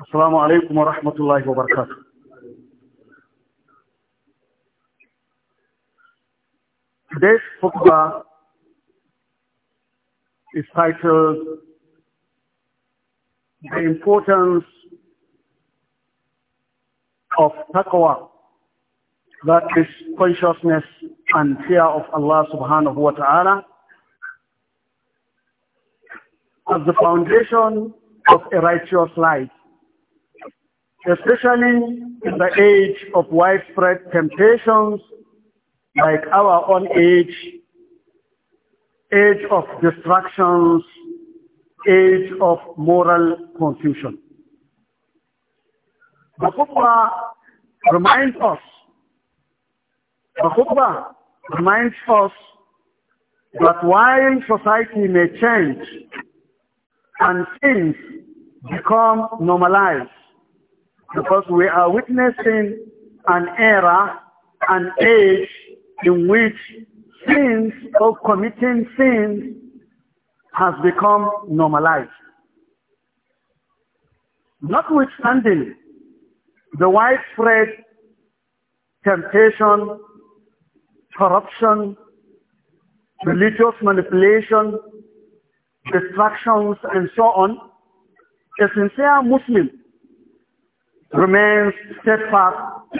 السلام عليكم ورحمة الله وبركاته Today's khutbah is titled The Importance of Taqwa, that is consciousness and fear of Allah subhanahu wa ta'ala as the foundation of a righteous life, especially in the age of widespread temptations like our own age, age of distractions, age of moral confusion. The khutbah reminds us, the khutbah reminds us that while society may change, and sins become normalized because we are witnessing an era, an age in which sins or committing sins has become normalized. Notwithstanding the widespread temptation, corruption, religious manipulation, distractions, and so on, a sincere Muslim remains steadfast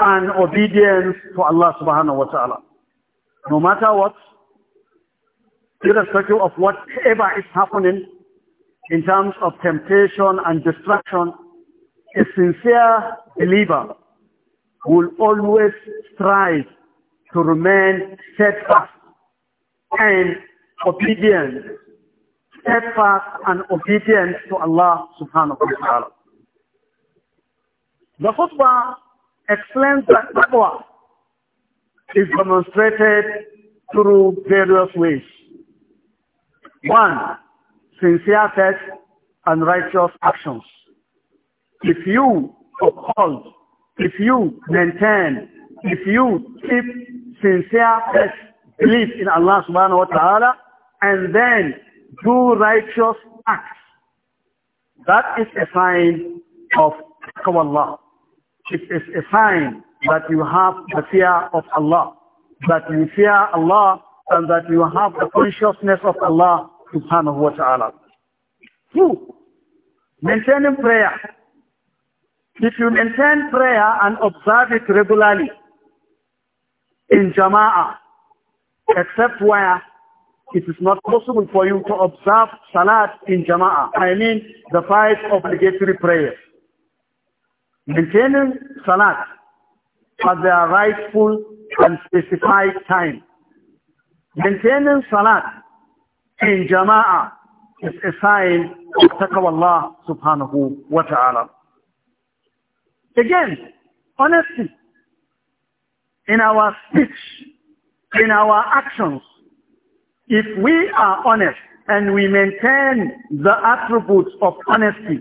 and obedient to Allah subhanahu wa ta'ala. No matter what, irrespective of whatever is happening in terms of temptation and distraction, a sincere believer will always strive to remain steadfast and obedient steadfast and obedient to Allah subhanahu wa ta'ala. The khutbah explains that taqwa is demonstrated through various ways. One, sincere faith and righteous actions. If you uphold, if you maintain, if you keep sincere faith, belief in Allah subhanahu wa ta'ala, and then do righteous acts. That is a sign of taqwa It is a sign that you have the fear of Allah, that you fear Allah and that you have the consciousness of Allah subhanahu wa ta'ala. Two, maintaining prayer. If you maintain prayer and observe it regularly in jama'ah, except where it is not possible for you to observe salat in jama'ah. I mean the five obligatory prayers. Maintaining salat at their rightful and specified time. Maintaining salat in jama'ah is a sign of taqwa Allah subhanahu wa ta'ala. Again, honesty in our speech, in our actions, if we are honest and we maintain the attributes of honesty,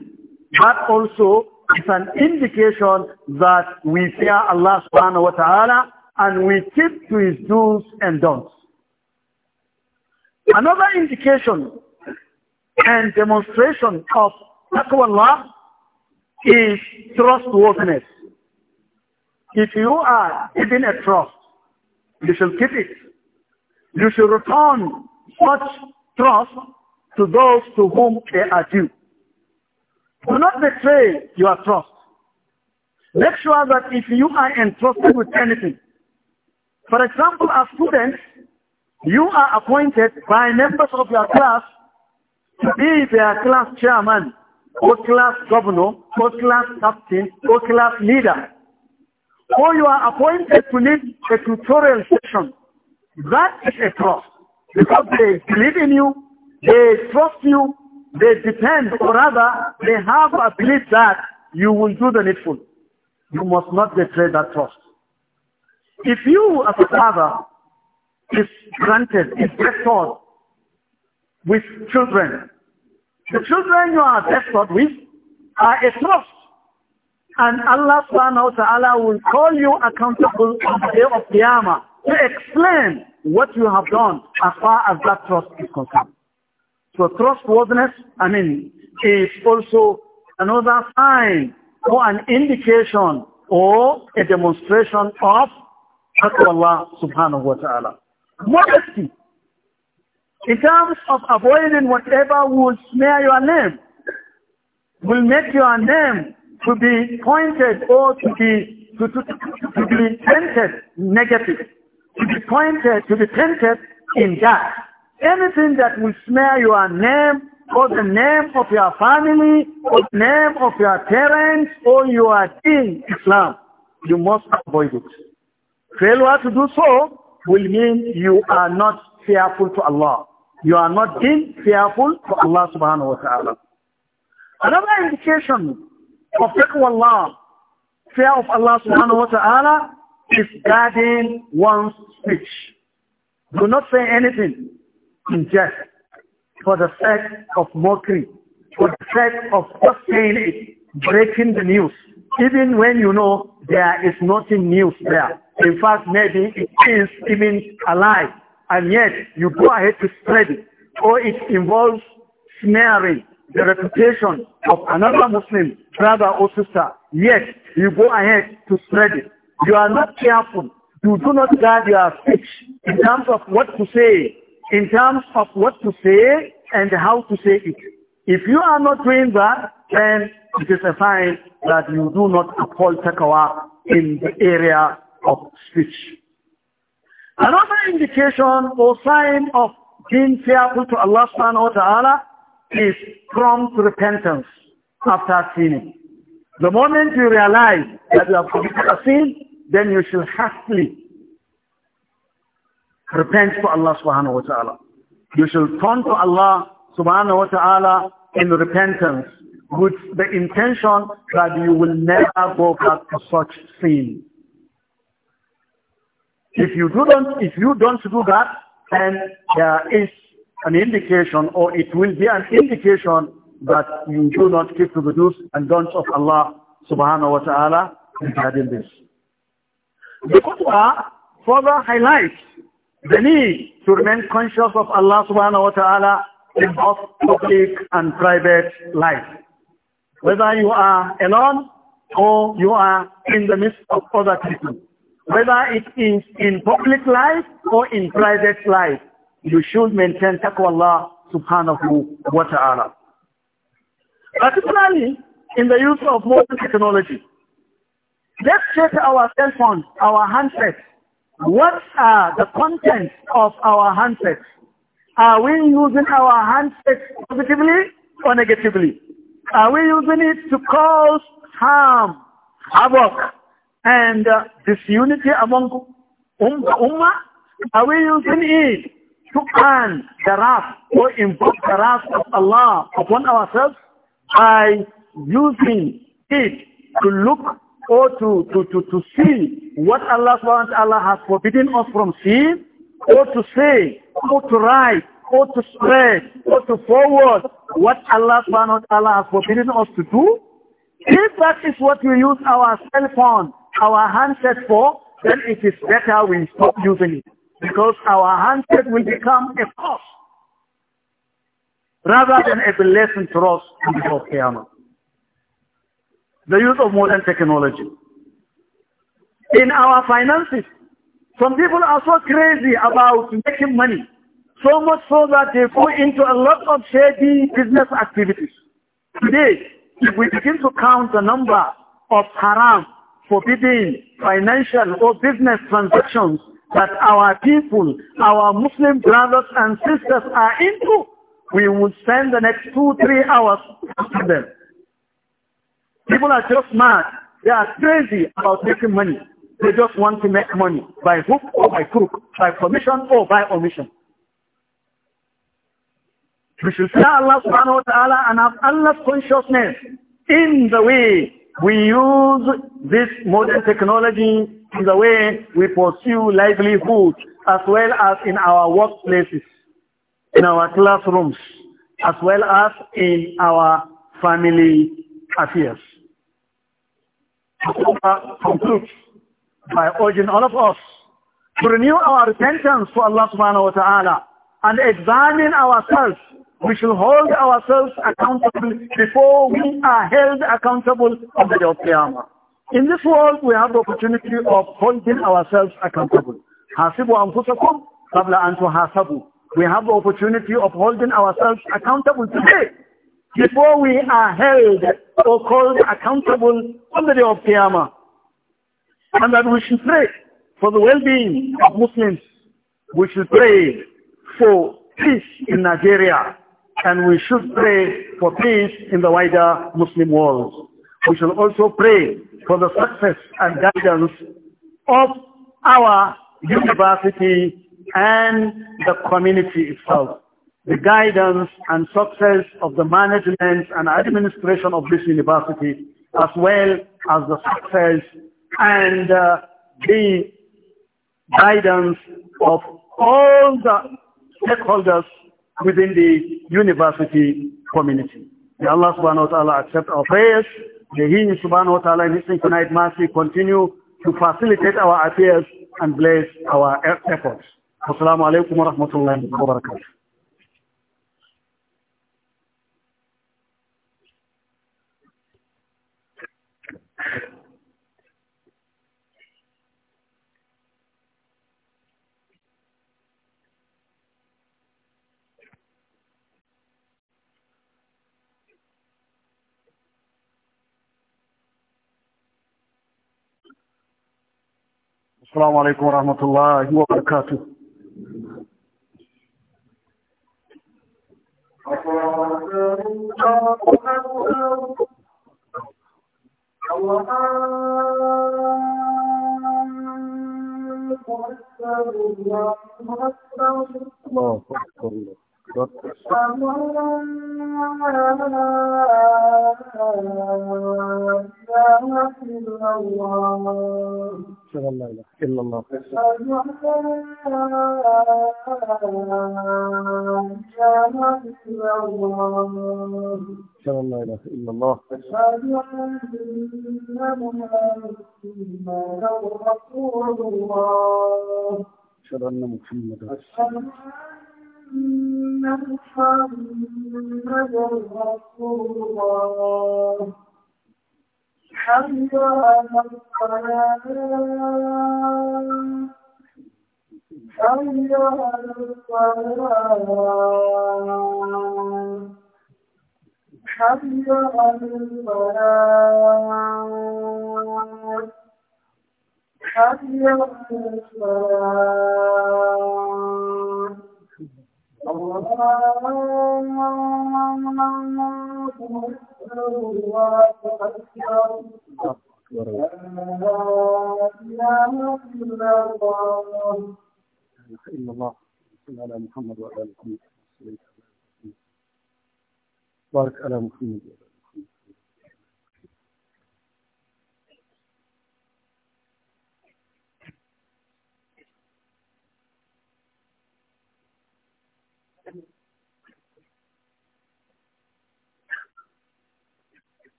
that also is an indication that we fear Allah subhanahu wa ta'ala and we keep to his do's and don'ts. Another indication and demonstration of Allah is trustworthiness. If you are given a trust, you shall keep it. You should return such trust to those to whom they are due. Do not betray your trust. Make sure that if you are entrusted with anything, for example, as students, you are appointed by members of your class to be their class chairman, or class governor, or class captain, or class leader. Or you are appointed to lead a tutorial session that is a trust. Because they believe in you, they trust you, they depend, or rather, they have a belief that you will do the needful. You must not betray that trust. If you, as a father, is granted, is bestowed with children, the children you are bestowed with are a trust. And Allah subhanahu wa ta'ala will call you accountable on the day of Qiyamah to explain what you have done as far as that trust is concerned. So trustworthiness, I mean, is also another sign or an indication or a demonstration of Allah subhanahu wa ta'ala. Modesty. In terms of avoiding whatever will smear your name, will make your name to be pointed or to be to, to, to, be tainted negative to be pointed, to be painted in that. Anything that will smear your name or the name of your family or the name of your parents or your deen, Islam, you must avoid it. Failure to do so will mean you are not fearful to Allah. You are not being fearful to Allah subhanahu wa ta'ala. Another indication of taqwa Allah, fear of Allah subhanahu wa ta'ala is guarding one's speech. Do not say anything in jest for the sake of mockery, for the sake of just saying it, breaking the news, even when you know there is nothing news there. In fact, maybe it is even a lie, and yet you go ahead to spread it, or it involves smearing the reputation of another Muslim brother or sister, yet you go ahead to spread it. You are not careful. You do not guard your speech in terms of what to say, in terms of what to say and how to say it. If you are not doing that, then it is a sign that you do not uphold Takwa in the area of speech. Another indication or sign of being fearful to Allah subhanahu wa ta'ala is prompt repentance after sinning. The moment you realize that you have committed a sin, then you shall hastily repent to Allah subhanahu wa ta'ala. You shall turn to Allah subhanahu wa ta'ala in repentance with the intention that you will never go back to such sin. If you don't, if you don't do that, then there is an indication or it will be an indication that you do not keep to the do's and don't of Allah subhanahu wa ta'ala regarding this. The Qur'an further highlights the need to remain conscious of Allah subhanahu wa ta'ala in both public and private life. Whether you are alone or you are in the midst of other people. Whether it is in public life or in private life, you should maintain taqwa Allah subhanahu wa ta'ala. Particularly in the use of modern technology, Let's check our cell phones, our handsets. What are the contents of our handsets? Are we using our handsets positively or negatively? Are we using it to cause harm, havoc, and uh, disunity among um-, Ummah? Are we using it to earn the wrath or invoke the wrath of Allah upon ourselves by using it to look or oh, to, to, to, to see what Allah wa has forbidden us from seeing, or oh, to say, or oh, to write, or to spread, or to forward what Allah wa has forbidden us to do? If that is what we use our cell phone, our handset for, then it is better we stop using it. Because our handset will become a curse rather than a blessing to us in the the use of modern technology. In our finances, some people are so crazy about making money, so much so that they go into a lot of shady business activities. Today, if we begin to count the number of haram, forbidding financial or business transactions that our people, our Muslim brothers and sisters are into, we will spend the next two, three hours with them. People are just mad. They are crazy about making money. They just want to make money by hook or by crook, by permission or by omission. We should say Allah subhanahu wa ta'ala and have Allah's consciousness in the way we use this modern technology, in the way we pursue livelihood, as well as in our workplaces, in our classrooms, as well as in our family affairs. conclude by urging all of us to renew our repentance to Allah subhanahu wa ta'ala and examine ourselves. We shall hold ourselves accountable before we are held accountable on the day of Qiyamah. In this world, we have the opportunity of holding ourselves accountable. Hasibu anfusakum qabla an Hasabu We have the opportunity of holding ourselves accountable today before we are held or called accountable on the day of Qiyamah. And that we should pray for the well-being of Muslims. We should pray for peace in Nigeria. And we should pray for peace in the wider Muslim world. We should also pray for the success and guidance of our university and the community itself the guidance and success of the management and administration of this university, as well as the success and uh, the guidance of all the stakeholders within the university community. May Allah subhanahu wa ta'ala accept our prayers. May He subhanahu wa ta'ala in His infinite mercy continue to facilitate our affairs and bless our efforts. Assalamu alaikum wa rahmatullahi wa barakatuh. السلام عليكم ورحمة الله وبركاته الله أكبر الله أشهد أن لا إله إلا الله أشهد أن لا إله إلا الله أشهد أن محمدا رسول الله أشهد أن محمدا رسول الله محمد رسول الله حي على الصلاة حي على الصلاة حي على الصلاة حي على الصلاة إلا الله صل على محمد وعلى آله وصحبه بارك على محمد وعلى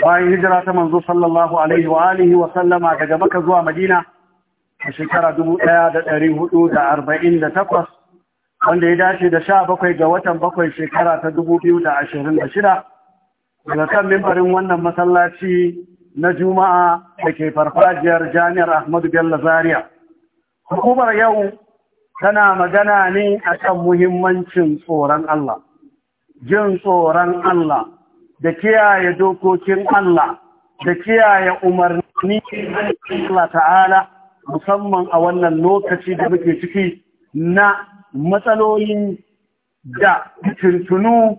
bayan hijira ta manzo sallallahu alaihi wa alihi wa sallama daga Makka zuwa Madina a shekara 1448 wanda ya dace da sha bakwai ga watan bakwai shekara ta 2026 daga kan mimbarin wannan masallaci na Juma'a da ke farfajiyar Jami'ar Ahmadu Bello Zaria hukumar yau tana magana ne akan muhimmancin tsoron Allah jin tsoron Allah da kiyaye dokokin Allah da kiyaye umarni Allah ta'ala musamman a wannan lokaci da muke ciki na matsaloli da tuntunu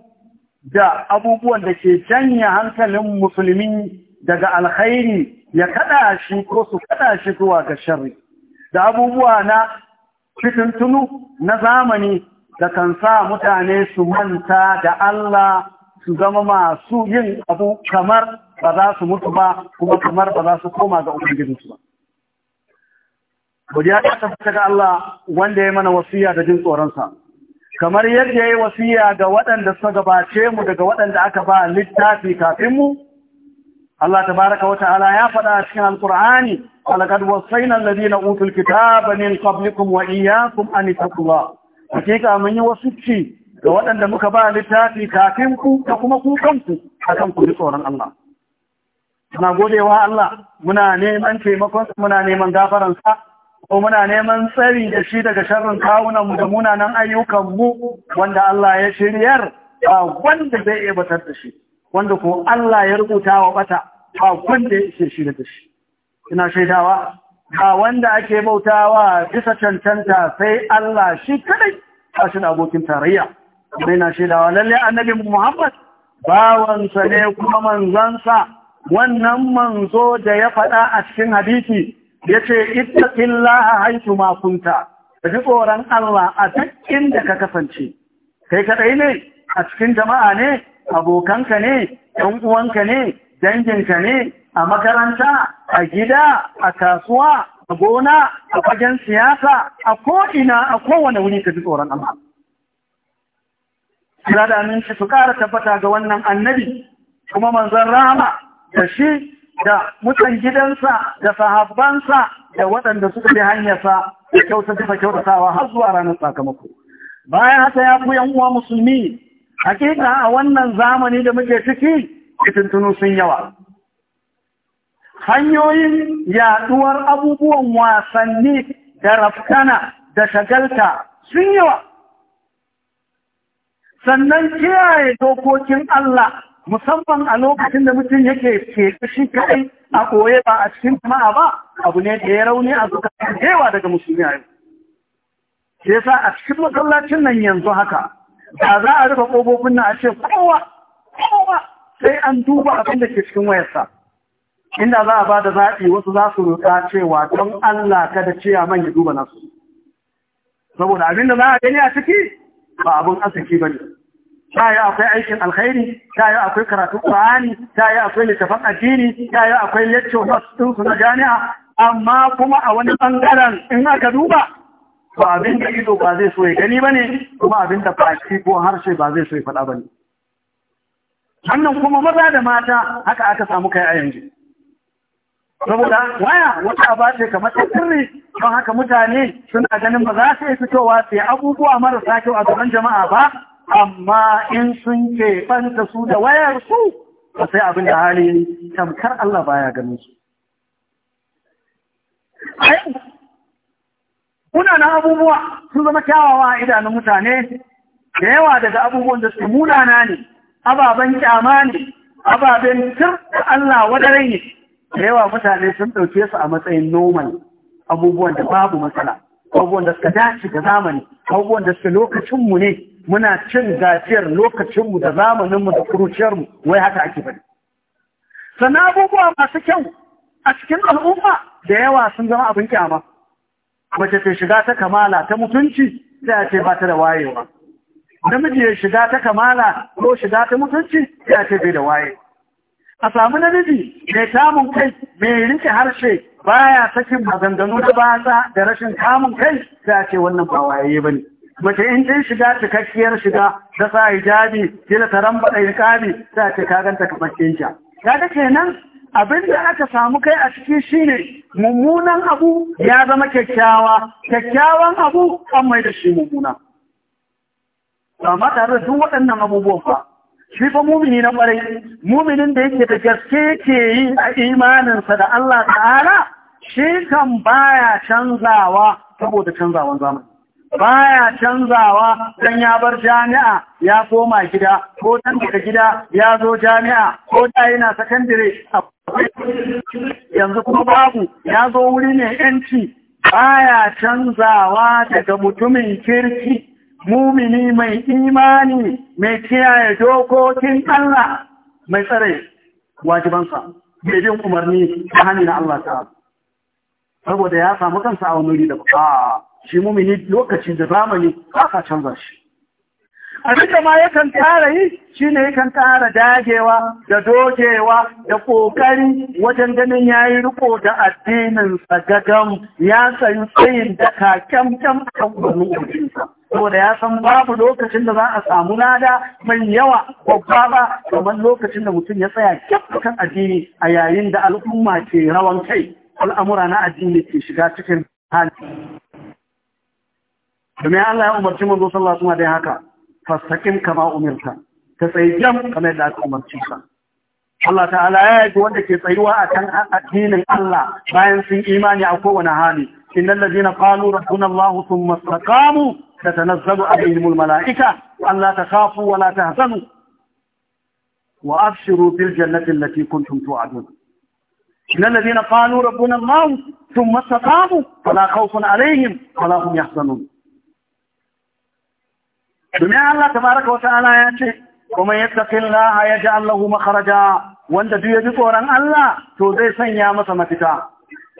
da abubuwan da ke janya hankalin musulmi daga alkhairi ya kada shi ko su kada shi zuwa ga sharri da abubuwa na fitintunu na zamani da kan sa mutane su manta da Allah su zama masu yin abu kamar ba za su mutu ba kuma kamar ba za su koma ga ubangijinsu ba godiya ta tabbata ga Allah wanda ya mana wasiya da jin tsoronsa kamar yadda ya yi wasiya ga waɗanda suka gabace mu daga waɗanda aka ba littafi kafin mu Allah tabaraka wa ta'ala ya faɗa a cikin "Alaƙad alaqad wasayna na utul kitaba min qablikum wa iyyakum an taqwa hakika mun yi wasu ci. ga waɗanda muka ba littafi kafin ku da kuma ku kanku akan ku tsoron Allah muna godewa Allah muna neman taimakon muna neman gafaransa ko muna neman tsari da shi daga sharrin kawunan da munanan ayyukan mu wanda Allah ya shiryar ba wanda zai iya batar da shi wanda ko Allah ya rubuta wa bata ba wanda ya ishe shi da shi ina shaidawa ba wanda ake bautawa bisa cancanta sai Allah shi kadai a shi abokin tarayya mai na shaidawa lalle annabi Muhammad bawansa ne kuma manzansa wannan manzo da ya faɗa a cikin hadisi yace ittaqillaha haythu ma kunta ji tsoron Allah a duk inda ka kasance kai kaɗai ne a cikin jama'a ne abokanka ne ɗan uwanka ne danginka ne a makaranta a gida a kasuwa a gona a fagen siyasa a ko'ina a kowane wuni ka ji tsoron Allah kira da aminci su ƙara tabbata ga wannan annabi kuma manzon rahama da shi da mutan gidansa da sahabbansa da waɗanda suka bi hanyarsa da kyauta da kyautatawa har zuwa ranar sakamako bayan haka ya ku yan uwa musulmi hakika a wannan zamani da muke ciki fitintunu sun yawa hanyoyin yaɗuwar abubuwan wasanni da rafkana da shagalta sun yawa sannan kiyaye dokokin Allah musamman a lokacin da mutum yake ke shi kaɗai a koye ba a cikin jama'a ba abu ne da ya rauni a zukatan yawa daga musulmi a yau. Sai sa a cikin masallacin nan yanzu haka ba za a rufe ƙofofin nan a ce kowa kowa sai an duba abin da ke cikin wayarsa. Inda za a ba da zaɓi wasu za su roƙa cewa don Allah kada ciyaman ya duba nasu. Saboda abin da za a gani a ciki ba abin asaki ba ne ta yi akwai aikin alkhairi ta yi akwai karatun ƙwa'ani ta yi akwai littafan addini ta yi akwai yacce masu ɗinsu na jami'a amma kuma a wani ɓangaren in aka duba to abin da ido ba zai so ya gani ba ne kuma abin da ko harshe ba zai so ya faɗa ba ne. Wannan kuma maza da mata haka aka samu kai a yanzu. saboda waya wata ba ce kamar ta sirri don haka mutane suna ganin ba za su yi fitowa sai abubuwa marasa kyau a gaban jama'a ba amma in sun ke banta su da wayar su ba sai abin da hali tamkar Allah baya ganin su kuna na abubuwa sun zama kyawawa a idanun mutane da yawa daga abubuwan da su munana ne ababen kyama ne ababen tur Allah wadare ne yawa mutane sun ɗauke su a matsayin normal abubuwan da babu matsala abubuwan da suka dace da zamani abubuwan da suka lokacinmu ne muna cin gajiyar lokacinmu da zamaninmu da kuruciyarmu wai haka ake bari sannan abubuwa masu kyau a cikin al'umma da yawa sun zama abin kyama mace ta shiga ta kamala ta mutunci sai a ce ba ta da wayewa namiji ya shiga ta kamala ko shiga ta mutunci sai a ce bai da wayewa a samu namiji mai samun kai mai rike harshe baya sakin maganganu da basa da rashin kamun kai da ce wannan ba waye bane mace in ta shiga cikakkiyar shiga da sa hijabi kila ta rambada hijabi ta ce ka ganta kamar kinja kaga kenan abin da aka samu kai a ciki shine mummunan abu ya zama kyakkyawa kyakkyawan abu an mai da shi mummuna amma tare da duk waɗannan abubuwan ba shi fa mumini na ƙwarai muminin da yake da gaske ke yi a imaninsa da Allah ta'ala shi kan baya canzawa saboda canzawan zamani baya canzawa dan ya bar jami'a ya koma gida ko dan daga gida ya zo jami'a ko da yana sakandire yanzu kuma babu ya zo wuri ne yanci baya canzawa daga mutumin kirki mumini mai imani mai kiyaye dokokin Allah mai tsare wajibansa mai bin umarni da hannu na Allah ta saboda ya samu kansa a wani da ba shi mumini lokaci da zamani ba canza shi duka ma yakan tara yi shi ne yakan tara dagewa da dogewa da ƙoƙari wajen ganin ya yi riko da addinin sagagam ya sayi tsayin da kakyamkyam a kan wani saboda ya san babu lokacin da za a samu lada mai yawa babba ba kamar lokacin da mutum ya tsaya kyaftukan addini a yayin da al'umma ke rawan kai al'amura na addini ke shiga cikin hali domin Allah ya umarci manzo sallallahu alaihi wasallam da haka fastaqim kama umirta ta tsaye jam kamar yadda aka umarci ka Allah ta'ala ya yi wanda ke tsayuwa a kan addinin Allah bayan sun imani a kowane hali. Innal ladina qalu rabbuna Allah thumma istaqamu تتنزل عليهم الملائكة أن لا تخافوا ولا تهزنوا وأبشروا بالجنة التي كنتم توعدون إن الذين قالوا ربنا الله ثم استقاموا فلا خوف عليهم ولا هم يحزنون دنيا الله تبارك وتعالى يأتي ومن يتق الله يجعل له مخرجا وانت دي تورن الله تو سنيا مصمتك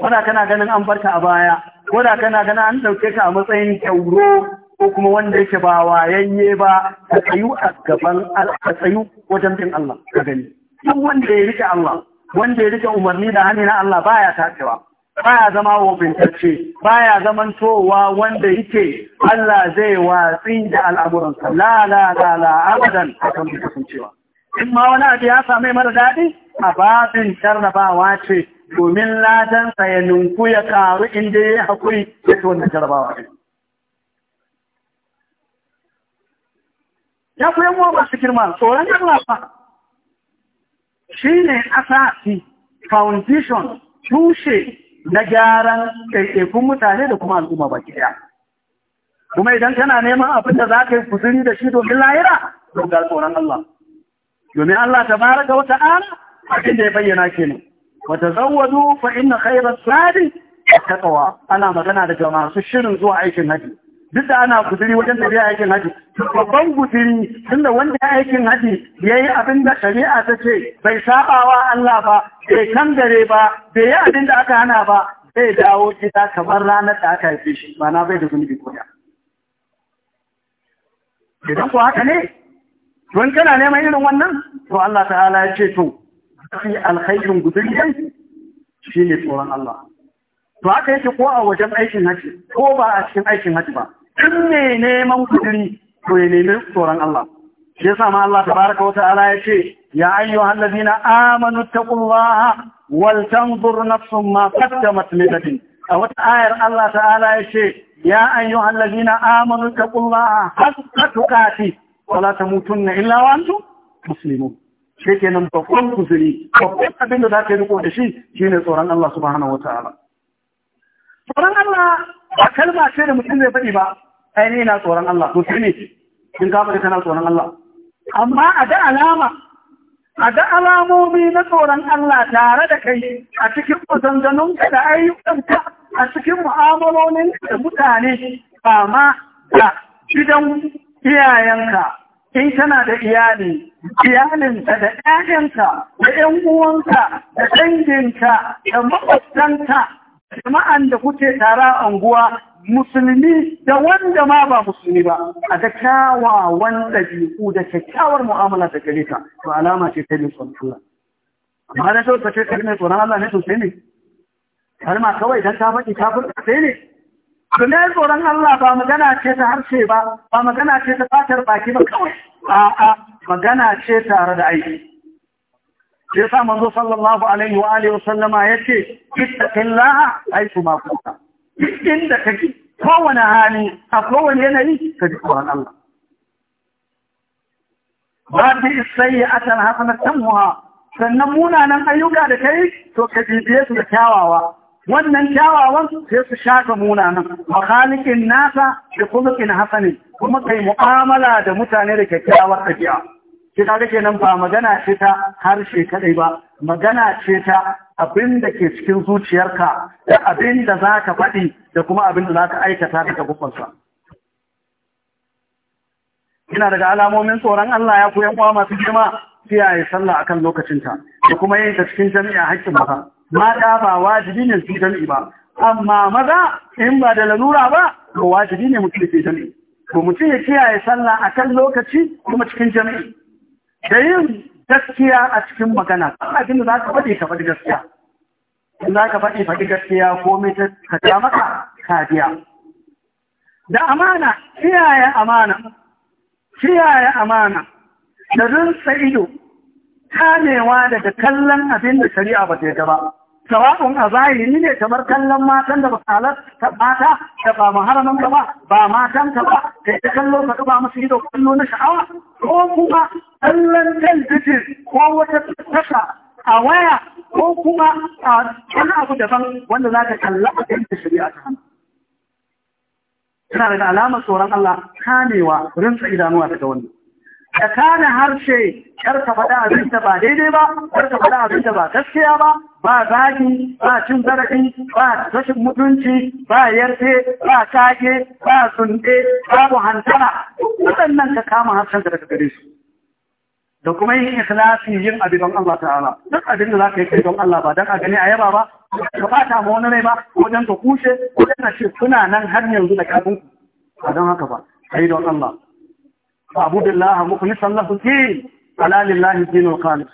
ولا كان kana ganin أبايا ولا كان baya wanda kana ganin an ko kuma wanda yake ba wayayye ba ka tsayu a gaban ka tsayu wajen bin Allah ka gani duk wanda ya rike Allah wanda ya rike umarni da hannu na Allah baya tacewa baya zama wofintacce baya zaman towa wanda yake Allah zai watsi da al'amuransa la la la la abadan akan bi kasancewa in ma wani abu ya same mara daɗi a babin jarrabawa ce domin ladansa ya ninku ya karu inda ya haƙuri ya ci wannan jarrabawa ne ya ku yan masu girma tsoron yan lafa shi ne asasi foundation tushe na gyaran ɗaiɗaikun mutane da kuma al'umma ba ɗaya kuma idan kana neman abin da za ka yi kusuri da shi domin lahira don ga tsoron Allah domin Allah ta baraka wata ana abin da ya bayyana ke ne wata zawadu, fa inna khairar sadi taqwa ana magana daga masu shirin zuwa aikin hajji duk da ana guduri wajen da ya aikin haji babban guziri tunda wanda ya aikin haji ya yi abin da shari'a ta ce bai sabawa Allah ba bai kan gare ba bai yi abin da aka hana ba zai dawo gida kamar ranar da aka haife shi ba na bai da zunubi koya idan ko haka ne don kana neman irin wannan to Allah ta'ala ya ce to fi alkhairin shi shine tsoron Allah to haka yake ko a wajen aikin haji ko ba a cikin aikin haji ba in ne neman kudiri to ya nemi tsoron Allah shi yasa ma Allah tabaraka wata'ala ya ce ya ayyuhal ladina amanu taqullaha wal tanzur nafsun ma qaddamat li a wata ayar Allah ta'ala ya ce ya ayyuhal na amanu taqullaha haqqa tuqati wa tamutunna illa wa antum muslimun shi babban kuzuri babban abin da za ka yi riko da shi shi ne tsoron Allah subhanahu wa ta'ala tsoron Allah ba kalma ce da mutum zai faɗi ba ai ne na tsoron Allah to sai ne shi kana tsoron Allah amma a da alama a da alamomi na tsoron Allah tare da kai a cikin mazanganunka da ayyukanka a cikin mu'amalolin da mutane ba ma da gidan iyayenka in kana da iyali iyalinta da 'ya'yanka da ƴan uwanka da danginka da maƙwabtanka jama'an da kuke tara unguwa. musulmi da wanda ma ba musulmi ba a ga kyawawan ɗabi'u da kyakkyawar mu'amala ta gare ka to alama ce ta nufin tura amma da shawar kace kai mai tsoron Allah ne to sai ne har ma kawai don ta faɗi ta furta sai ne to ne tsoron Allah ba magana ce ta harshe ba ba magana ce ta fatar baki ba kawai a'a magana ce tare da aiki sai sa manzo sallallahu alaihi wa alihi wa sallama yace ittaqillaha aitu ma kunta duk inda kake kowane hali a kowane yanayi ka ji tsoron Allah ba ta isayi a na can muha, sannan munanan ayyuka da kai to ka bibiye su da kyawawa wannan kyawawan sai su shafa munanan a nasa da kuma kin hasani kuma kai mu'amala da mutane da kyakkyawar ɗabi'a shi ke nan ba magana ce ta harshe kadai ba magana ce ta abin da ke cikin zuciyarka da abin da za ka faɗi da kuma abin da za ka aikata daga gufansa ina daga alamomin tsoron Allah ya koyan kwa masu girma kiyaye sallah akan lokacinta da kuma yin ta cikin jami'a haƙƙin maza mata ba wajibi ne su jami'i ba amma maza in ba da lalura ba to wajibi ne mutum ke jami'i ko mutum ya kiyaye sallah akan lokaci kuma cikin jami'i da yin gaskiya a cikin magana kan abin da za ka faɗi ka faɗi gaskiya in za ka faɗi faɗi gaskiya ko mai ta kaja maka kadiya da amana kiyaye amana kiyaye amana da rinsa ido kamewa daga kallon abin da shari'a ba ta yi ba sawa'un a zahiri ne kamar kallon matan da bakalar ta mata da ba maharaman ba ba matan ka ba da ita kallo ka ba musu ido kallo na sha'awa ko kuma kallon talbijin ko wata tasha a waya ko kuma a wani abu daban wanda za ka kalla a ɗin da shari'a ta hannu. Tana daga alamar tsoron Allah kamewa rinsa idanuwa daga wannan. ka harshe kar ka faɗa da ba daidai ba kar ka faɗa da ba gaskiya ba ba zaki ba cin zarafi ba rashin mutunci ba yarfe ba tage ba sunɗe babu hantara waɗannan ka kama harshen ka daga gare su da kuma yin ikhlasi yin abin don Allah ta'ala duk abin da zaka yi kai don Allah ba dan a gani a yaba ba ka fata ma wani rai ba ko ka kushe ko ka ce kuna nan har yanzu da kafin ku ba don haka ba kai don Allah فاعبدوا الله مخلصا له الدين ألا لله الدين الخالص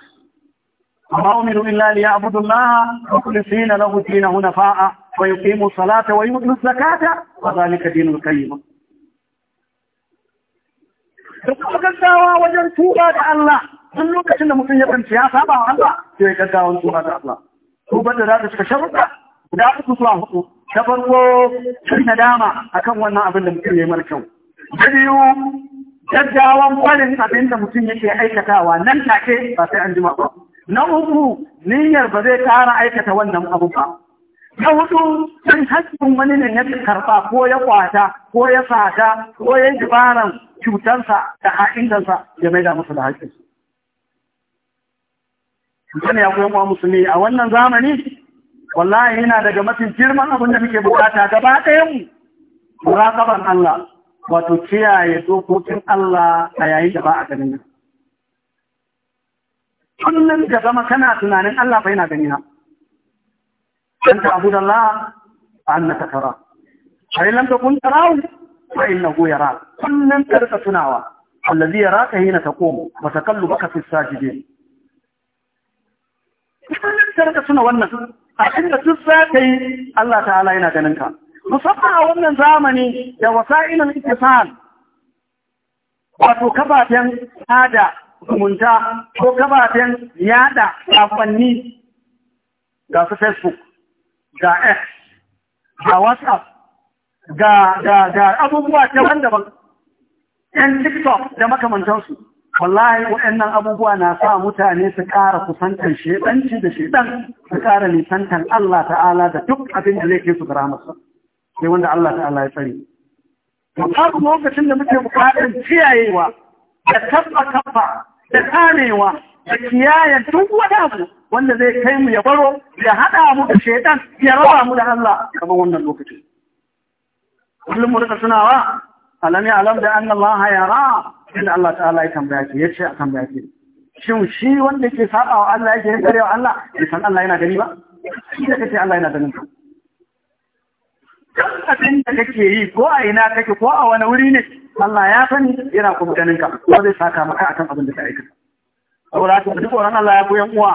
وما أمروا إلا ليعبدوا الله مخلصين له الدين هنفاء ويقيموا الصلاة ويؤتوا الزكاة وذلك دين القيم da kuma gaggawa wajen tuba da Allah tun lokacin da mutum ya fahimci ya saba wa Allah sai ya gaggawan tuba da Allah tuba da za ta cika sharuɗa guda uku zuwa hudu ta farko cin nadama akan wannan abin da mutum ya yi mara kyau biyu gaggawan kwarin abin da mutum yake aikatawa nan take ba sai an jima ba. Na uku niyyar ba zai kara aikata wannan abu ba. Na hudu sun haƙƙin wani ne ya karɓa ko ya kwata ko ya sata ko ya jibaran cutarsa da ha'indansa ya mai da musu da haƙƙin. Mutum ya koyi wa musulmi a wannan zamani wallahi yana daga mafi girman abin da muke bukata gaba ɗayan mu. Muraƙaban Allah. wato kiyaye dokokin Allah a yayin da ba a ganin nan. Kullum da zama kana tunanin Allah bai na gani na. Dan ta abu da Allah a an ta tara. Sai lam takun tarawu fa innahu yara. Kullum ka rika tunawa allazi ba hina taqum wa takallubaka fi sajidin. Kullum ka rika tuna wannan a inda duk za ka yi Allah ta'ala yana ganin ka. musamman a wannan zamani da wasa'ilin ittisal wato kafafen sada zumunta ko kafafen yada kafanni ga su facebook ga x ga whatsapp ga ga ga abubuwa daban-daban yan tiktok da makamantansu wallahi waɗannan abubuwa na sa mutane su ƙara kusantar shedanci da shedan su ƙara nisantar Allah ta'ala da duk abin da zai ke su gara masu sai wanda Allah ta'ala ya tsare to lokacin da muke bukatar kiyayewa da tabba tabba da karewa da duk wani abu wanda zai kai mu ya baro ya haɗa mu da shaitan ya raba mu da Allah kamar wannan lokacin kullum mu rika tunawa alam ya alam da Allah inda Allah ta'ala ya tambaya ki yace a tambaya ki shin shi wanda ke wa Allah yake yin karewa Allah san Allah yana gani ba shi da kace Allah yana ganin ka duk da kake yi ko a ina kake ko a wani wuri ne Allah ya sani yana kuma ganin ka ko zai saka maka akan abin da ka aikata saboda haka duk wannan Allah ya koyan uwa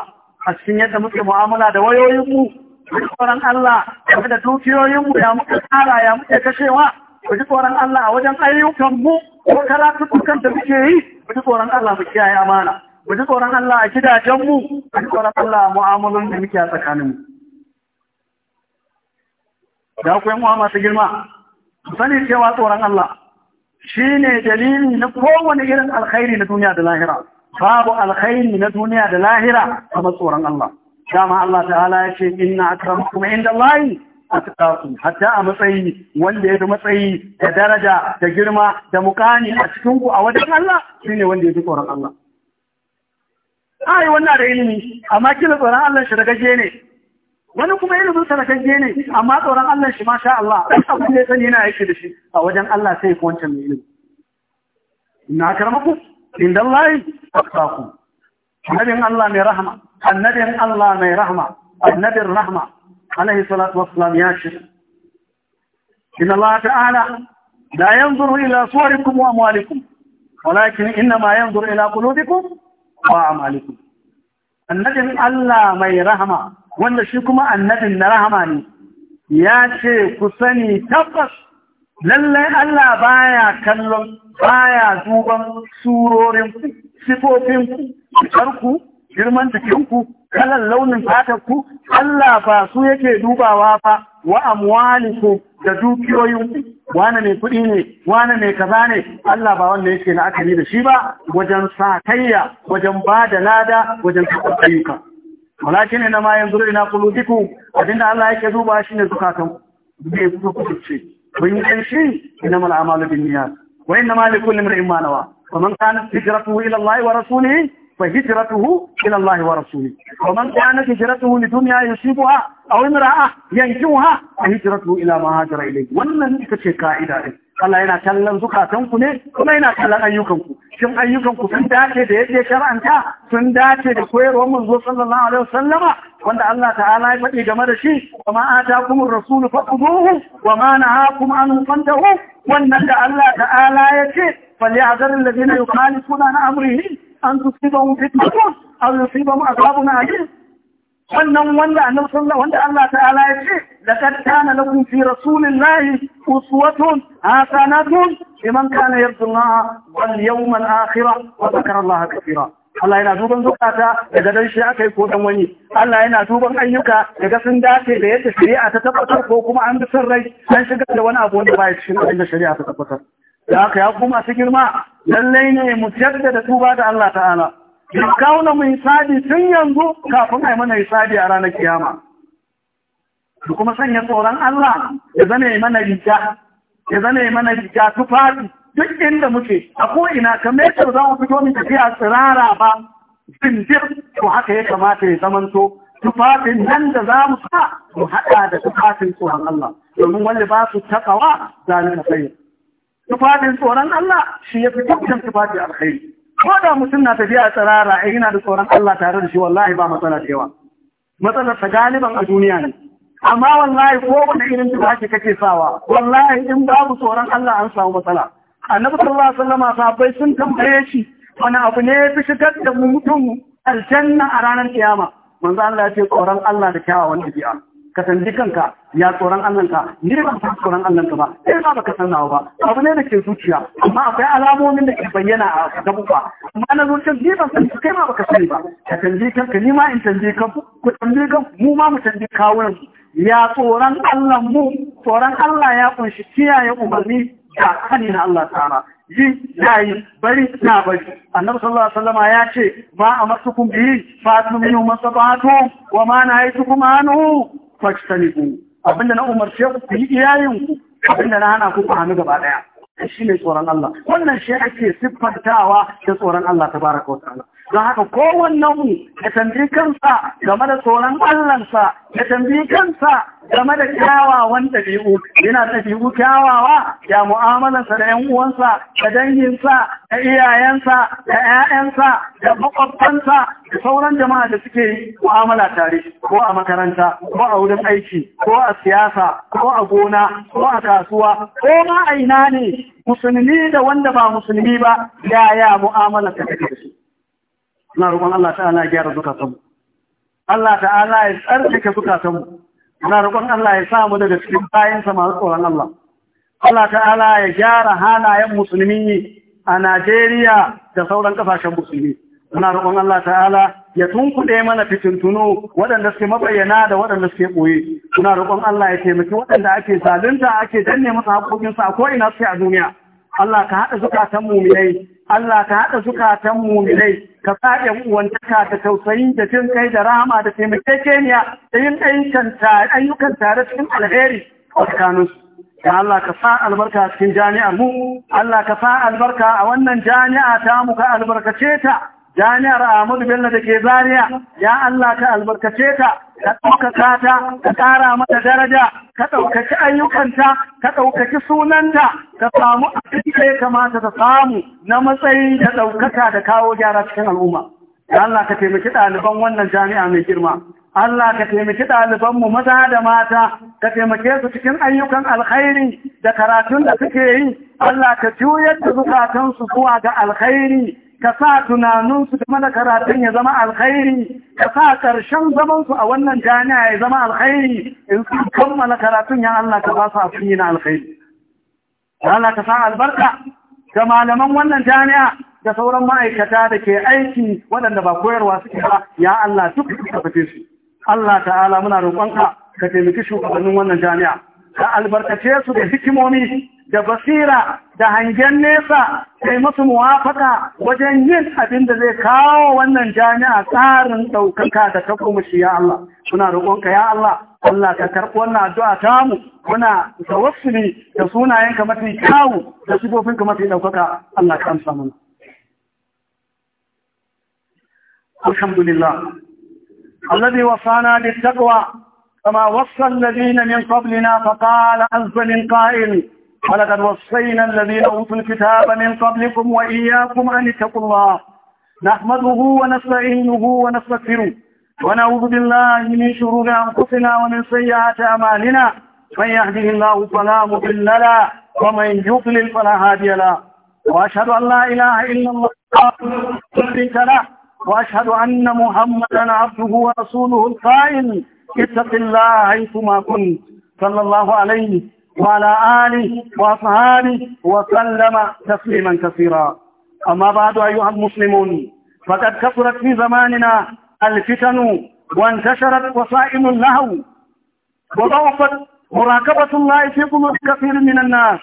a cikin yadda muke mu'amala da wayoyin mu duk wannan Allah game da dukiyoyin mu ya muke tsara ya muke kashewa ku ji tsoron Allah a wajen ayyukan mu ko karatukan da muke yi ku ji tsoron Allah mu kiyaye amana ku ji tsoron Allah a gidajen mu ku ji tsoron Allah mu'amalolin da muke a tsakanin mu da ku yan masu girma sani cewa tsoron Allah shine dalili na kowane irin alkhairi na duniya da lahira babu alkhairi na duniya da lahira kamar tsoron Allah dama Allah ta'ala ya ce inna akramakum indallahi atqakum hatta a matsayi wanda ya fi matsayi da daraja da girma da mukani a cikin ku a wajen Allah shine wanda ya fi tsoron Allah ai wannan da ilimi amma kila tsoron Allah shi gaje ne wani kuma ilimin sarakacce ne amma tsoron Allah shi masha Allah abin da ya sani yana aiki da shi a wajen Allah sai ku wancan mai ilimi na karmaku indan layi ku annabin Allah mai rahama annabin Allah mai rahama annabin rahama alaihi salatu wassalam ya ce inna Allah ta'ala la yanzuru ila suwarikum wa amwalikum walakin inna ma yanzu ila qulubikum wa a'malikum annabin Allah mai rahama wanda shi kuma annabin na rahama ne ya ce ku sani tabbas lallai Allah baya kallon baya duban surorin ku sifofin ku girman jikinku kalan launin fatar ku Allah ba su yake dubawa fa wa da dukiyoyin wane ne kuɗi ne wane ne kaza ne Allah ba wanda yake na akali da shi ba wajen sakayya wajen ba da lada wajen ayyuka walakin ina ma yanzu ina qulubikum abinda Allah yake duba shi ne zukatan bai ku ku ce bin kan shi ina ma amalu bin niyyat wa inna ma likulli imrin ma nawa wa man kanat ila Allah wa rasulihi فهجرته إلى الله ورسوله ومن كانت هجرته لدنيا يصيبها أو امرأة A hijira إلى ما mahajarai إليه wannan ita ce ka'ida din Allah yana kallon zukatanku ne kuma yana kallon ayyukanku shin ayyukanku sun dace da yadda shar'anta sun dace da koyarwar manzo sallallahu alaihi wasallama wanda Allah ta'ala ya faɗi game da shi wa ma atakumur rasul faquduhu wa ma nahakum an fantahu wannan da Allah ta'ala ya ce falyahzaril ladina yukhalifuna an amrihi an tusibahum fitnatun aw yusibahum azabun alim wannan wanda annabi wanda Allah ta'ala ya ce laqad kana lakum fi rasulillahi uswatun hasanatun liman kana yarju Allah wal yawmal akhir wa dhakara Allah kathira Allah yana duban zukata daga dan shi akai ko dan wani Allah yana duban ayyuka daga sun dace da yadda shari'a ta tabbatar ko kuma an bi son rai an shigar da wani abu wanda ba ya cikin abin shari'a ta tabbatar da aka ya kuma su girma lallai ne mu jaddada da tuba da Allah ta'ala mu kauna mu isadi tun yanzu kafin a yi mana isadi a ranar kiyama mu kuma sanya tsoron Allah ya zane mana riga ya zane mana su tufafi duk inda muke a ko ina kamar za mu fito mu tafiya tsirara ba zindir to haka ya kamata ya zamanto tufafin nan da za mu sa mu haɗa da tufafin tsoron Allah domin wanda ba su takawa zalin khairu tufafin tsoron Allah shi ya fi dukkan tufafin alkhairi ko da mutum na tafiya a tsirara a eh, yana da tsoron Allah tare da shi wallahi ba matsala da yawa matsalar ta galiban a duniya ne amma wallahi ko wani irin tufafi kake sawa wallahi in babu tsoron Allah an samu matsala annabi sallallahu alaihi wasallam sahabbai sun tambaye shi wani abu ne ya fi shigar da mutum aljanna a ranar kiyama manzo Allah ya ce tsoron Allah da kyawawan dabi'a ka sandi kanka ya tsoron Allah ka ni ba san tsoron Allah ka ba sai ba baka san nawa ba abu ne da ke zuciya amma akwai alamomin da ke bayyana a gabuwa amma na zuciya ni ba san kai ma baka sani ba ka sandi kanka ni ma in sandi kanku ku sandi kanku mu ma mu sandi kawunan ya tsoron Allah mu tsoron Allah ya kunshi kiyaye umarni da kani na Allah ta'ala yi yayi bari na bari annabi sallallahu alaihi wasallama ya ce ma amartukum bi fatum min masabatu wa ma nahaytukum anhu fastaniku abinda na umarce ku ku yi iyayenku abinda na hana ku ku hannu gaba daya shi ne tsoron Allah wannan shi ake siffantawa da tsoron Allah tabaraka wa ta'ala don haka kowannen mu ya tambi kansa game da tsoron Allahnsa ya tambi kansa game da kyawawan ɗabi'u yana ɗabi'u kyawawa ya mu'amalarsa da 'yan uwansa da danginsa da iyayensa da 'ya'yansa da makwabtansa da sauran jama'a da suke mu'amala tare ko a makaranta ko a wurin aiki ko a siyasa ko a gona ko a kasuwa ko ma a ne musulmi da wanda ba musulmi ba yaya mu'amalarsa take da su suna roƙon Allah ta'ala ya gyara zukatanmu. Allah ta'ala ya tsarkake zukatanmu. Suna roƙon Allah ya sa daga cikin bayansa masu tsoron Allah. Allah ta'ala ya gyara halayen musulmi a Najeriya da sauran ƙasashen musulmi. Suna roƙon Allah ta'ala ya tunkuɗe mana fitintunu waɗanda suke mabayyana da waɗanda suke ɓoye. Ina roƙon Allah ya taimaki waɗanda ake zalunta ake danne masu haƙoƙinsu a ko'ina suke a duniya. Allah ka haɗa zukatan muminai Allah ka haɗa zukatan ne ka faɗe ka da tausayin da jin kai da rahama da taimakekeniya da yin ayyukan tare cikin alheri a tsakaninsu. Ya Allah ka fa albarka cikin jami'ar mu, Allah ka fa albarka a wannan jami'a ta mu ka albarkace ta jami'ar Ahmadu Bello da ke Zariya ya Allah ka albarkace ta, ka ɗaukaka ta, ka ƙara mata daraja, ka ɗaukaki ayyukanta, ka ɗaukaki sunanta, ka samu a ka kamata ta samu na matsayi da ɗaukaka da kawo gyara cikin al'umma. Ya Allah ka taimaki ɗaliban wannan jami'a mai girma. Allah ka taimaki ɗalibanmu maza da mata, ka taimake su cikin ayyukan alkhairi da karatun da suke yi, Allah ka juyar da zukatansu zuwa ga alkhairi ka sa tunaninsu game da karatun ya zama alkhairi ka sa ƙarshen zamansu a wannan jami'a ya zama alkhairi in su kammala karatun ya Allah ka ba su a na alkhairi Allah ka sa albarka ga malaman wannan jami'a da sauran ma'aikata da ke aiki waɗanda ba koyarwa suke ba ya Allah duk ka fite su Allah ta'ala muna roƙonka ka taimaki shugabannin wannan jami'a ka albarkace su da hikimomi da basira da hangen nesa sai masu muwafaka wajen yin abin da zai kawo wannan jami'a tsarin ɗaukaka da ta kuma shi ya Allah suna roƙonka ya Allah Allah ka karɓi wannan addu'a ta mu muna ne da ka mafi kyawu da ka mafi ɗaukaka Allah ka amsa mana alhamdulillah alladhi wasana littaqwa kama wasa alladhina min qablina faqala azza min qa'il ولقد وصينا الذين أوتوا الكتاب من قبلكم وإياكم أن اتقوا الله نحمده ونستعينه ونستغفره ونعوذ بالله من شرور أنفسنا ومن سيئات أعمالنا من يهده الله فلا مضل له ومن يضلل فلا هادي له وأشهد أن لا إله إلا الله شريك له وأشهد أن محمدا عبده ورسوله القائل اتق الله حيثما كنت صلى الله عليه وعلى آله وأصحابه وسلم تسليما كثيرا أما بعد أيها المسلمون فقد كثرت في زماننا الفتن وانتشرت وسائل اللهو وضعفت مراقبة الله في قلوب كثير من الناس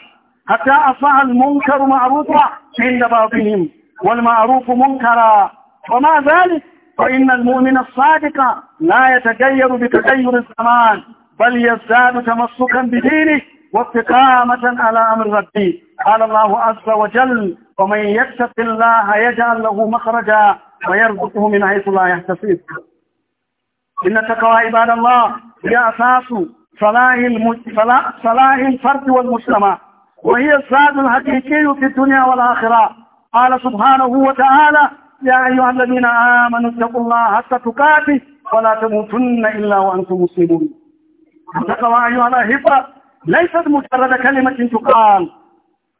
حتى أصبح المنكر معروفا عند بعضهم والمعروف منكرا ومع ذلك فإن المؤمن الصادق لا يتغير بتغير الزمان بل يزداد تمسكا بدينه واستقامة على أمر ربي قال الله عز وجل ومن يتق الله يجعل له مخرجا ويرزقه من حيث لا يحتسب إن التقوى عباد الله هي أساس صلاح صلاح الفرد والمجتمع وهي الزاد الحقيقي في الدنيا والآخرة قال سبحانه وتعالى يا أيها الذين آمنوا اتقوا الله حتى تقاته ولا تموتن إلا وأنتم مسلمون التقوى أيها الأحبة ليست مجرد كلمة تقال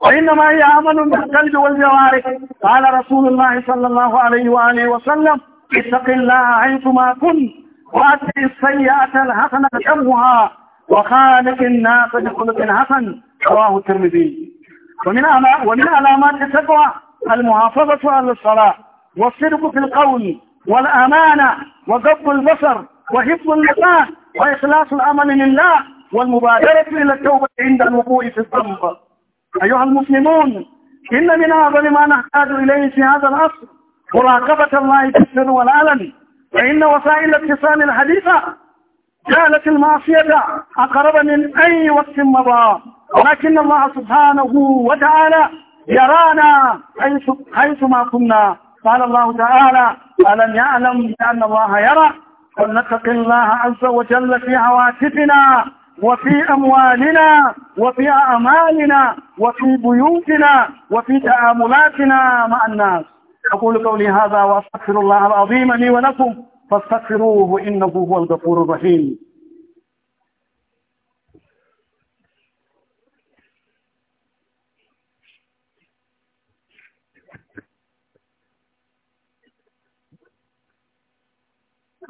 وإنما هي عمل بالقلب والجوارح قال رسول الله صلى الله عليه وآله وسلم اتق الله حيثما كنت وأتي السيئة الحسنة شرها وخالق الناس بخلق حسن رواه الترمذي ومن ومن علامات التقوى المحافظة على الصلاة والصدق في القول والأمانة وغض البصر وحفظ اللسان وإخلاص الأمل لله والمبادرة إلى التوبة عند الوقوع في الذنب أيها المسلمون إن من أعظم ما نحتاج إليه في هذا العصر مراقبة الله في السر والعلن فإن وسائل الاتصال الحديثة جعلت المعصية أقرب من أي وقت مضى ولكن الله سبحانه وتعالى يرانا حيث حيث ما كنا قال الله تعالى ألم يعلم بأن الله يرى فلنتق الله عز وجل في هواتفنا وفي أموالنا وفي أعمالنا وفي بيوتنا وفي تعاملاتنا مع الناس أقول قولي هذا وأستغفر الله العظيم لي ولكم فاستغفروه إنه هو الغفور الرحيم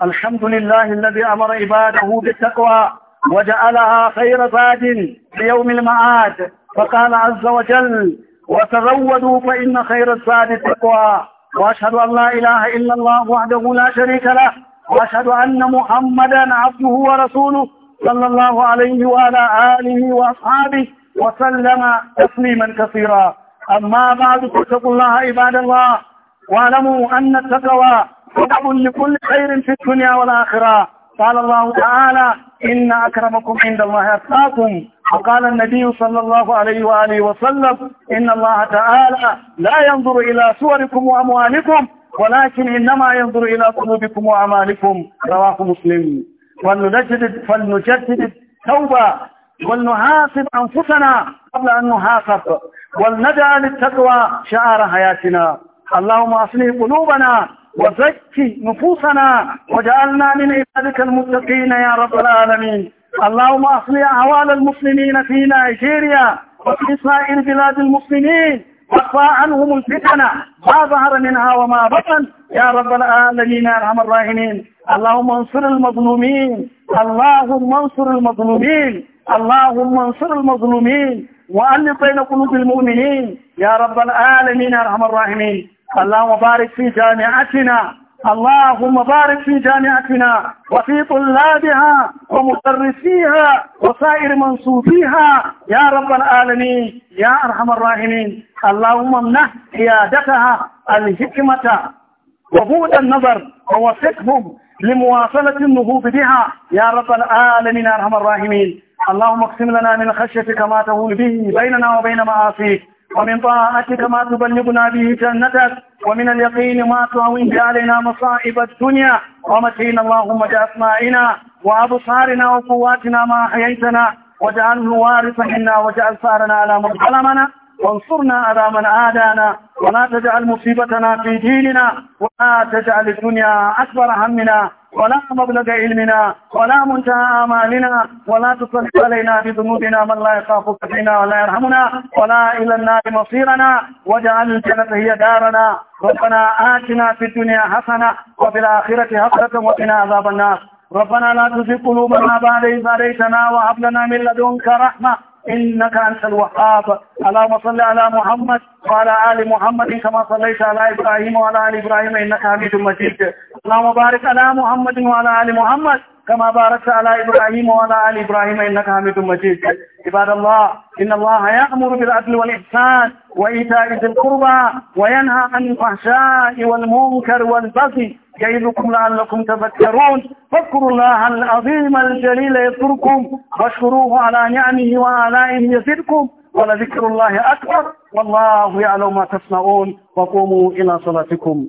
الحمد لله الذي أمر عباده بالتقوى وجعلها خير زاد ليوم المعاد فقال عز وجل وتزودوا فإن خير الزاد التقوى وأشهد أن لا إله إلا الله وحده لا شريك له وأشهد أن محمدا عبده ورسوله صلى الله عليه وعلى آله وأصحابه وسلم تسليما كثيرا أما بعد فاتقوا الله عباد الله واعلموا أن التقوى سبب لكل خير في الدنيا والآخرة قال الله تعالى إن أكرمكم عند الله أتقاكم وقال النبي صلى الله عليه وآله وسلم إن الله تعالى لا ينظر إلى صوركم وأموالكم ولكن إنما ينظر إلى قلوبكم وأعمالكم رواه مسلم فلنجدد فلنجدد التوبة ولنحاسب أنفسنا قبل أن نحاسب ولندع للتقوى شعار حياتنا اللهم أصلح قلوبنا وزكي نفوسنا وجعلنا من عبادك المتقين يا رب العالمين اللهم أصلي أحوال المسلمين في نيجيريا وفي سائر بلاد المسلمين واخفى عنهم الفتنة ما ظهر منها وما بطن يا رب العالمين يا أرحم الراحمين اللهم انصر المظلومين اللهم انصر المظلومين اللهم انصر المظلومين وألف بين قلوب المؤمنين يا رب العالمين يا أرحم الراحمين اللهم بارك في جامعتنا اللهم بارك في جامعتنا وفي طلابها ومدرسيها وسائر منصوبيها يا رب العالمين يا أرحم الراحمين اللهم امنح قيادتها الحكمة وبعد النظر ووفقهم لمواصلة النهوض بها يا رب العالمين يا أرحم الراحمين اللهم اقسم لنا من خشيتك ما تهون به بيننا وبين معاصيك ومن طاعتك ما تبلغنا به جنتك ومن اليقين ما تعويه علينا مصائب الدنيا ومتين اللهم بأسمائنا وأبصارنا وقواتنا ما أحييتنا واجعله وارثا منا واجعل ثارنا على من ظلمنا وانصرنا على من عادانا ولا تجعل مصيبتنا في ديننا ولا تجعل الدنيا أكبر همنا ولا مبلغ علمنا ولا منتهى آمالنا ولا تصلح علينا بذنوبنا من لا يخافك فينا ولا يرحمنا ولا إلى النار مصيرنا واجعل الجنة هي دارنا ربنا آتنا في الدنيا حسنة وفي الآخرة حسنة وقنا عذاب النار ربنا لا تزغ قلوبنا بعد إذ هديتنا وهب لنا من لدنك رحمة إنك أنت الوهاب اللهم صل على محمد وعلى آل محمد كما صليت على إبراهيم وعلى آل إبراهيم إنك حميد مجيد اللهم بارك على محمد وعلى آل محمد كما باركت على إبراهيم وعلى آل إبراهيم إنك حميد مجيد عباد الله إن الله يأمر بالعدل والإحسان وإيتاء ذي القربى وينهى عن الفحشاء والمنكر والبغي كيدكم لعلكم تذكرون فاذكروا الله العظيم الجليل يذكركم واشكروه على نعمه وآلائه يزدكم ولذكر الله أكبر والله يعلم ما تصنعون وقوموا إلى صلاتكم